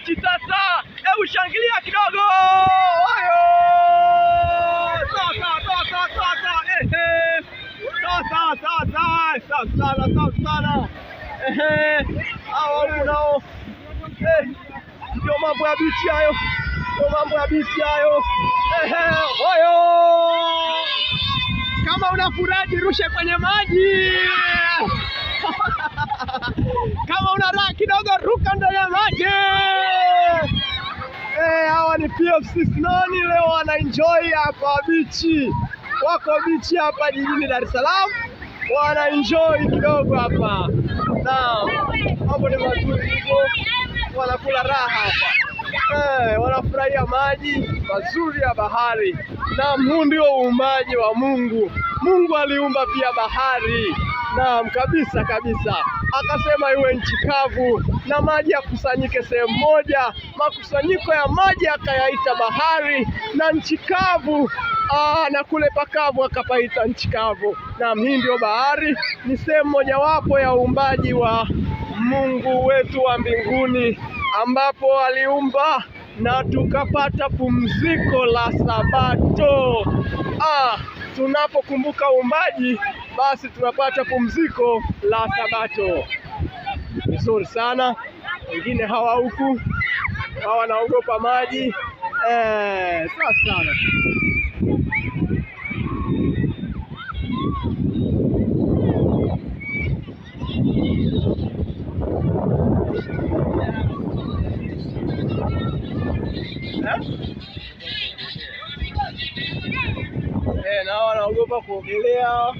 tata, é o Xanglia tata, Toca, toca, toca! Toca, toca! Salsara, salsara! Aonde não? Eu eh, não eh, eh! a bicha, eu! Eu mambo a bicha, eu! Oyo! Kama unafuraji rushe kwenye maji! Kama una raha kidogo, ruka ndani ya maji. Eh, hawa ni PFC Sinoni, leo wanaenjoy hapa bichi, wako bichi hapa jijini Dar es Salaam, wanaenjoy kidogo hapa. na hapo ni mazuri, wanakula raha hapa. Hey, eh, wanafurahia maji mazuri ya bahari, na huu ndio uumbaji wa Mungu. Mungu aliumba pia bahari. Naam, kabisa kabisa. Akasema iwe nchi kavu na maji yakusanyike sehemu moja. Makusanyiko ya maji akayaita bahari na nchi kavu Aa, na kule pakavu akapaita nchi kavu. Naam, hii ndio bahari, ni sehemu mojawapo ya uumbaji wa Mungu wetu wa mbinguni ambapo aliumba na tukapata pumziko la Sabato. Ah, tunapokumbuka uumbaji basi tunapata pumziko la Sabato. Vizuri sana, wengine hawa huku hawa wanaogopa maji eh, sawa sana. Eh, na wanaogopa kuogelea